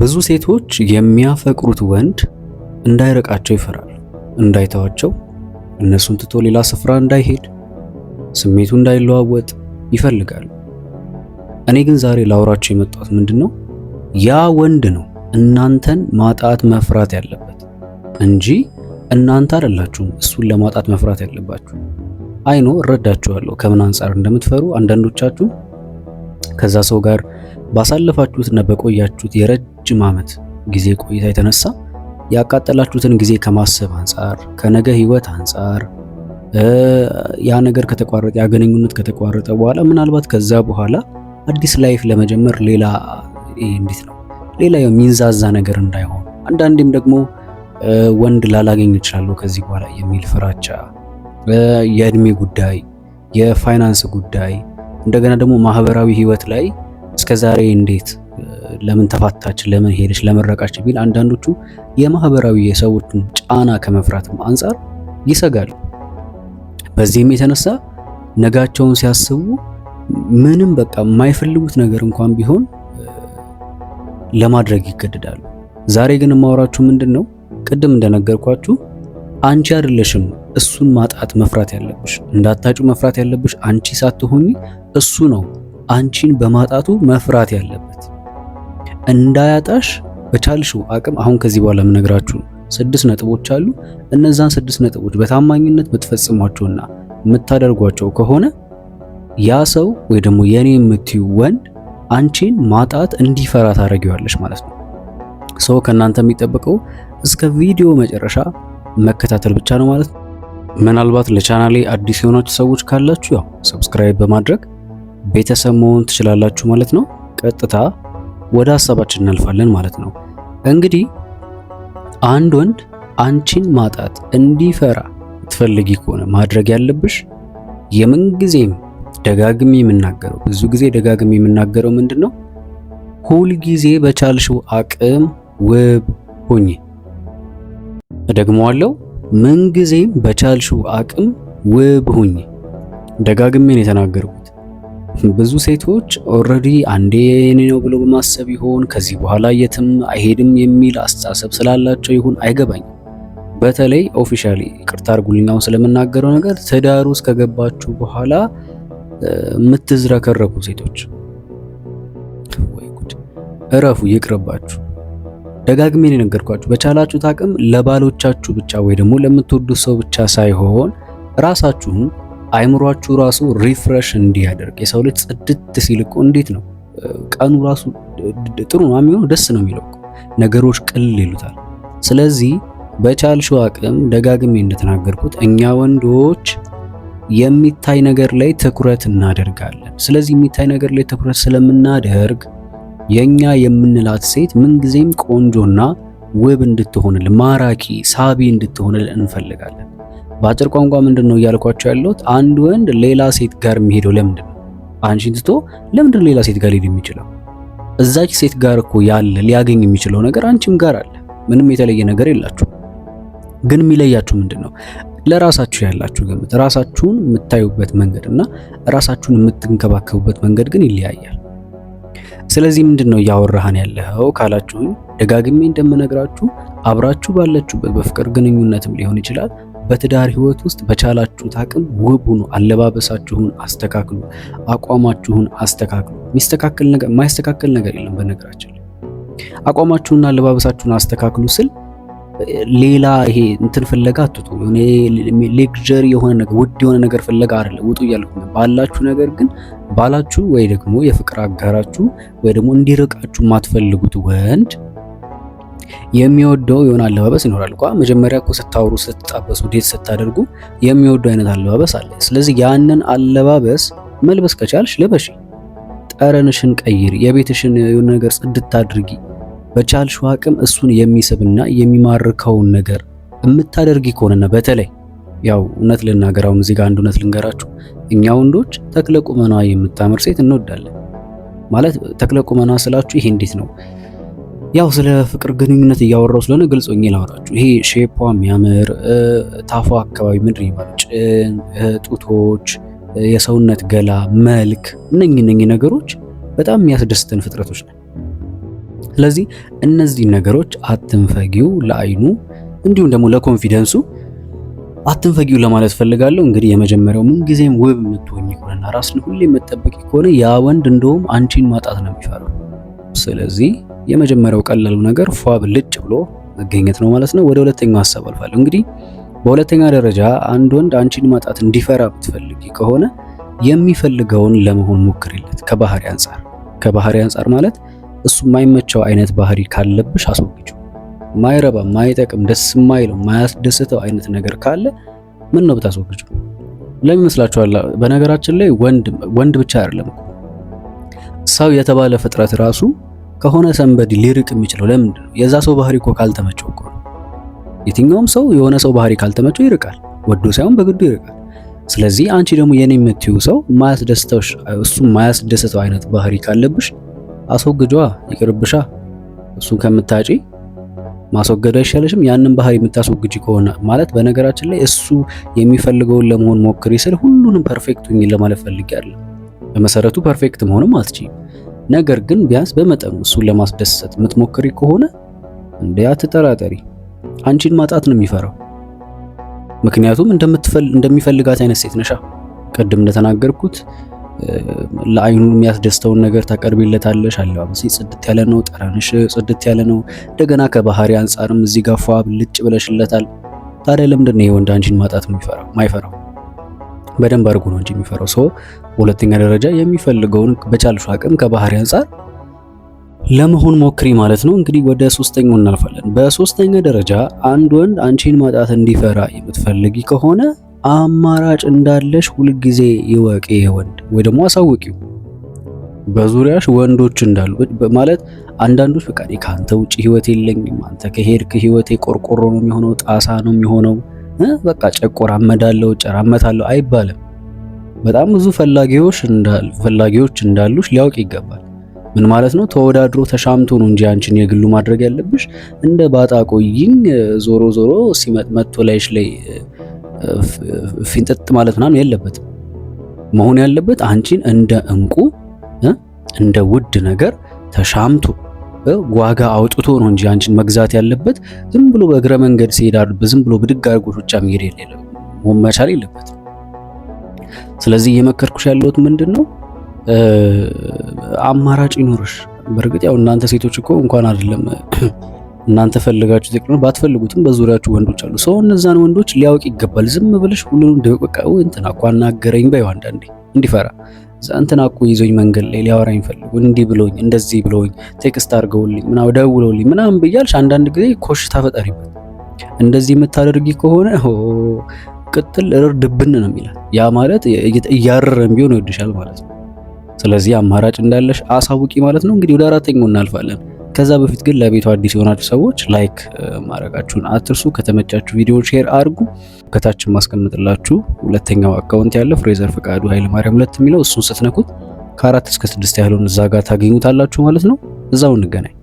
ብዙ ሴቶች የሚያፈቅሩት ወንድ እንዳይርቃቸው ይፈራል። እንዳይተዋቸው፣ እነሱን ትቶ ሌላ ስፍራ እንዳይሄድ፣ ስሜቱ እንዳይለዋወጥ ይፈልጋሉ። እኔ ግን ዛሬ ላውራቸው የመጣሁት ምንድነው ያ ወንድ ነው እናንተን ማጣት መፍራት ያለበት እንጂ እናንተ አይደላችሁም እሱን ለማጣት መፍራት ያለባችሁ። አይኖ እረዳችኋለሁ ከምን አንጻር እንደምትፈሩ አንዳንዶቻችሁ ከዛ ሰው ጋር ባሳለፋችሁትና በቆያችሁት የረጅም ዓመት ጊዜ ቆይታ የተነሳ ያቃጠላችሁትን ጊዜ ከማሰብ አንጻር፣ ከነገ ህይወት አንጻር ያ ነገር ከተቋረጠ ያ ግንኙነት ከተቋረጠ በኋላ ምናልባት ከዛ በኋላ አዲስ ላይፍ ለመጀመር ሌላ እንዴት ነው ሌላ የሚንዛዛ ነገር እንዳይሆን አንዳንዴም ደግሞ ወንድ ላላገኝ እችላለሁ ከዚህ በኋላ የሚል ፍራቻ፣ የእድሜ ጉዳይ፣ የፋይናንስ ጉዳይ እንደገና ደግሞ ማህበራዊ ህይወት ላይ እስከዛሬ እንዴት ለምን ተፋታች፣ ለምን ሄደች፣ ለምን ረቃች ቢል አንዳንዶቹ የማህበራዊ የሰዎችን ጫና ከመፍራትም አንጻር ይሰጋሉ። በዚህም የተነሳ ነጋቸውን ሲያስቡ ምንም በቃ የማይፈልጉት ነገር እንኳን ቢሆን ለማድረግ ይገደዳሉ። ዛሬ ግን የማወራችሁ ምንድን ነው? ቅድም እንደነገርኳችሁ አንቺ አይደለሽም እሱን ማጣት መፍራት ያለብሽ፣ እንዳታጩ መፍራት ያለብሽ አንቺ ሳትሆኚ እሱ ነው አንቺን በማጣቱ መፍራት ያለበት እንዳያጣሽ በቻልሽው አቅም አሁን ከዚህ በኋላ የምነግራችሁ ስድስት ነጥቦች አሉ። እነዛን ስድስት ነጥቦች በታማኝነት የምትፈጽሟቸውና የምታደርጓቸው ከሆነ ያ ሰው ወይ ደግሞ የኔ የምትዩ ወንድ አንቺን ማጣት እንዲፈራ ታደርጊዋለሽ ማለት ነው። ሰው ከእናንተ የሚጠበቀው እስከ ቪዲዮ መጨረሻ መከታተል ብቻ ነው ማለት ነው። ምናልባት ለቻናሌ አዲስ የሆናችሁ ሰዎች ካላችሁ ያው ሰብስክራይብ በማድረግ ቤተሰብ መሆን ትችላላችሁ ማለት ነው። ቀጥታ ወደ ሀሳባችን እናልፋለን ማለት ነው። እንግዲህ አንድ ወንድ አንቺን ማጣት እንዲፈራ ትፈልጊ ከሆነ ማድረግ ያለብሽ የምንጊዜም ደጋግሚ የምናገረው ብዙ ጊዜ ደጋግሚ የምናገረው ምንድን ነው? ሁልጊዜ በቻልሽው አቅም ውብ ሁኚ። እደግመዋለሁ፣ ምንጊዜም በቻልሽው አቅም ውብ ሁኚ። ደጋግሜ ነው የተናገርኩት። ብዙ ሴቶች ኦልሬዲ አንዴ የኔ ነው ብሎ በማሰብ ይሆን ከዚህ በኋላ የትም አይሄድም የሚል አስተሳሰብ ስላላቸው ይሁን አይገባኝም። በተለይ ኦፊሻሊ ቅርታ አድርጉልኛውን ስለምናገረው ነገር ትዳር ውስጥ ከገባችሁ በኋላ የምትዝረከረኩ ሴቶች ወይ ጉድ፣ እረፉ፣ ይቅርባችሁ። ደጋግሜ ነው የነገርኳችሁ። በቻላችሁት አቅም ለባሎቻችሁ ብቻ ወይ ደግሞ ለምትወዱት ሰው ብቻ ሳይሆን ራሳችሁም አይምሯችሁ ራሱ ሪፍረሽ እንዲያደርግ የሰው ልጅ ጽድት ሲል እኮ እንዴት ነው ቀኑ ራሱ ጥሩ ነው የሚሆነው፣ ደስ ነው የሚለው ነገሮች ቅል ይሉታል። ስለዚህ በቻልሽው አቅም ደጋግሜ እንደተናገርኩት እኛ ወንዶች የሚታይ ነገር ላይ ትኩረት እናደርጋለን። ስለዚህ የሚታይ ነገር ላይ ትኩረት ስለምናደርግ የኛ የምንላት ሴት ምንጊዜም ቆንጆና ውብ እንድትሆንል፣ ማራኪ ሳቢ እንድትሆንል እንፈልጋለን። በአጭር ቋንቋ ምንድን ነው እያልኳቸው ያለሁት አንድ ወንድ ሌላ ሴት ጋር የሚሄደው ለምንድን ነው? አንቺን ትቶ ለምንድን ሌላ ሴት ጋር ሊሄድ የሚችለው? እዛች ሴት ጋር እኮ ያለ ሊያገኝ የሚችለው ነገር አንቺም ጋር አለ። ምንም የተለየ ነገር የላችሁ። ግን የሚለያችሁ ምንድን ነው? ለራሳችሁ ያላችሁ ግምት፣ ራሳችሁን የምታዩበት መንገድ እና ራሳችሁን የምትንከባከቡበት መንገድ ግን ይለያያል። ስለዚህ ምንድን ነው እያወራህን ያለው ካላችሁኝ፣ ደጋግሜ እንደምነግራችሁ አብራችሁ ባለችሁበት በፍቅር ግንኙነትም ሊሆን ይችላል በትዳር ህይወት ውስጥ በቻላችሁት አቅም ውብ ሁኑ። አለባበሳችሁን አስተካክሉ፣ አቋማችሁን አስተካክሉ። የሚስተካከል ነገር የማይስተካከል ነገር የለም። በነገራችን ላይ አቋማችሁንና አለባበሳችሁን አስተካክሉ ስል ሌላ ይሄ እንትን ፍለጋ አትጡ። እኔ ሌክዠሪ የሆነ ነገር ውድ የሆነ ነገር ፍለጋ አይደለም ውጡ እያልኩ ባላችሁ ነገር ግን ባላችሁ ወይ ደግሞ የፍቅር አጋራችሁ ወይ ደግሞ እንዲርቃችሁ የማትፈልጉት ወንድ የሚወደው የሆነ አለባበስ ይኖራል እኮ መጀመሪያ እኮ ስታወሩ፣ ስትጣበሱ፣ ዴት ስታደርጉ የሚወደው አይነት አለባበስ አለ። ስለዚህ ያንን አለባበስ መልበስ ከቻልሽ ልበሽ፣ ጠረንሽን ቀይሪ፣ የቤትሽን የሆነ ነገር ጽድት አድርጊ። በቻልሽ አቅም እሱን የሚስብና የሚማርከውን ነገር የምታደርጊ ከሆነና በተለይ ያው እውነት ልናገር አሁን እዚህ ጋር አንድ እውነት ልንገራችሁ፣ እኛ ወንዶች ተክለ ቁመኗ የምታምር ሴት እንወዳለን። ማለት ተክለ ቁመኗ ስላችሁ ይሄ እንዴት ነው ያው ስለ ፍቅር ግንኙነት እያወራው ስለሆነ ግልጽ ሆኜ ላወራችሁ። ይሄ ሼፖ የሚያምር ታፏ አካባቢ ምድር ይባል ጭን፣ ጡቶች፣ የሰውነት ገላ፣ መልክ እነኚህ እነኚህ ነገሮች በጣም የሚያስደስተን ፍጥረቶች ነው። ስለዚህ እነዚህ ነገሮች አትንፈጊው ለአይኑ እንዲሁም ደግሞ ለኮንፊደንሱ አትንፈጊው ለማለት ፈልጋለሁ። እንግዲህ የመጀመሪያው ምንጊዜም ውብ የምትሆኝ ከሆነና ራስን ሁሌ የምትጠብቂ ከሆነ ያ ወንድ እንደውም አንቺን ማጣት ነው የሚፈራው። ስለዚህ የመጀመሪያው ቀላሉ ነገር ፏ ብልጭ ብሎ መገኘት ነው ማለት ነው። ወደ ሁለተኛው ሀሳብ አልፋለሁ። እንግዲህ በሁለተኛ ደረጃ አንድ ወንድ አንቺን ማጣት እንዲፈራ ብትፈልጊ ከሆነ የሚፈልገውን ለመሆን ሞክርለት ከባህሪ አንጻር ከባህሪ አንጻር ማለት እሱ የማይመቸው አይነት ባህሪ ካለብሽ አስወግጂው። ማይረባ፣ ማይጠቅም፣ ደስ የማይለው ማያስደስተው አይነት ነገር ካለ ምን ነው ብታስወግጂው። ለምን ይመስላችኋል? በነገራችን ላይ ወንድ ወንድ ብቻ አይደለም ሰው የተባለ ፍጥረት ራሱ ከሆነ ሰንበድ ሊርቅ የሚችለው ለምንድን ነው? የዛ ሰው ባህሪ እኮ ካልተመቸው እኮ ነው። የትኛውም ሰው የሆነ ሰው ባህሪ ካልተመቸው ይርቃል፣ ወዶ ሳይሆን በግዱ ይርቃል። ስለዚህ አንቺ ደግሞ የኔ የምትዩ ሰው ማያስደስተው እሱ ማያስደስተው አይነት ባህሪ ካለብሽ አስወግጇ፣ ይቅርብሻ። እሱን ከምታጪ ማስወገዱ አይሻለሽም? ያንን ባህሪ የምታስወግጂ ከሆነ ማለት በነገራችን ላይ እሱ የሚፈልገውን ለመሆን ሞክሪ ስል ሁሉንም ፐርፌክት ሁኚ ለማለት ፈልጌ አይደለም። በመሰረቱ ፐርፌክት መሆንም አትችይም። ነገር ግን ቢያንስ በመጠኑ እሱን ለማስደሰት የምትሞክሪ ከሆነ እንዲያ ትጠራጠሪ፣ አንቺን ማጣት ነው የሚፈራው። ምክንያቱም እንደሚፈልጋት አይነት ሴት ነሻ። ቅድም እንደተናገርኩት ለአይኑ የሚያስደስተውን ነገር ታቀርቢለታለሽ። አለባበሴ ጽድት ያለ ነው፣ ጠረንሽ ጽድት ያለ ነው። እንደገና ከባህሪ አንጻርም እዚህ ጋር ፏ ብልጭ ብለሽለታል። ታዲያ ለምንድን ነው ይሄ ወንድ አንቺን ማጣት ማይፈራው? በደንብ አድርጎ ነው እንጂ የሚፈራው ሰው። በሁለተኛ ደረጃ የሚፈልገውን በቻልሹ አቅም ከባህሪ አንጻር ለመሆን ሞክሪ ማለት ነው። እንግዲህ ወደ ሶስተኛው እናልፋለን። በሶስተኛ ደረጃ አንድ ወንድ አንቺን ማጣት እንዲፈራ የምትፈልጊ ከሆነ አማራጭ እንዳለሽ ሁልጊዜ ይወቂ። ወንድ ወይ ደግሞ አሳውቂው በዙሪያሽ ወንዶች እንዳሉ ማለት አንዳንዶች በቃ ከአንተ ውጭ ህይወት የለኝም፣ አንተ ከሄድክ ህይወቴ ቆርቆሮ ነው የሚሆነው፣ ጣሳ ነው የሚሆነው በቃ ጨቆራመዳለው ጨራመታለው አይባልም። በጣም ብዙ ፈላጊዎች እንዳሉ ፈላጊዎች እንዳሉሽ ሊያውቅ ይገባል። ምን ማለት ነው? ተወዳድሮ ተሻምቶ ነው እንጂ አንቺን የግሉ ማድረግ ያለብሽ። እንደ ባጣ ቆይኝ ዞሮ ዞሮ ሲመጥ መጥቶ ላይሽ ላይ ፊንጥጥ ማለት ምናምን የለበትም። መሆን ያለበት አንቺን እንደ እንቁ እንደ ውድ ነገር ተሻምቶ ዋጋ አውጥቶ ነው እንጂ አንቺን መግዛት ያለበት። ዝም ብሎ በእግረ መንገድ ሲሄድ ዝም ብሎ ብድግ አድርጎ ብቻ መሄድ የለም መቻል የለበት። ስለዚህ እየመከርኩሽ ያለሁት ምንድን ነው አማራጭ ይኖርሽ። በእርግጥ ያው እናንተ ሴቶች እኮ እንኳን አይደለም እናንተ ፈልጋችሁ ነው ባትፈልጉትም በዙሪያችሁ ወንዶች አሉ። ሰው እነዛን ወንዶች ሊያውቅ ይገባል። ዝም ብለሽ ሁሉንም ደበቀቃው እንትና እኮ አናገረኝ ባይው አንዳንዴ እንዲፈራ እንትን አቁ ይዞኝ መንገድ ላይ ሊያወራኝ ፈልጉ እንዲህ ብሎኝ እንደዚህ ብሎኝ ቴክስት አድርገውልኝ ምና ደውለውልኝ ምናምን ብያልሽ አንዳንድ ጊዜ ኮሽታ ፈጠሪበት። እንደዚህ የምታደርጊ ከሆነ ቅጥል እርር ድብን ነው የሚላት። ያ ማለት እያረረም ቢሆን ይወድሻል ማለት ነው። ስለዚህ አማራጭ እንዳለሽ አሳውቂ ማለት ነው። እንግዲህ ወደ አራተኛው እናልፋለን። ከዛ በፊት ግን ለቤቱ አዲስ የሆናችሁ ሰዎች ላይክ ማድረጋችሁን አትርሱ። ከተመቻችሁ ቪዲዮ ሼር አድርጉ። ከታች ማስቀምጥላችሁ ሁለተኛው አካውንት ያለ ፍሬዘር ፈቃዱ ኃይለ ማርያም ሁለት የሚለው እሱን ስትነኩት ከአራት እስከ ስድስት ያለውን እዛ ጋር ታገኙታላችሁ ማለት ነው። እዛው እንገናኝ።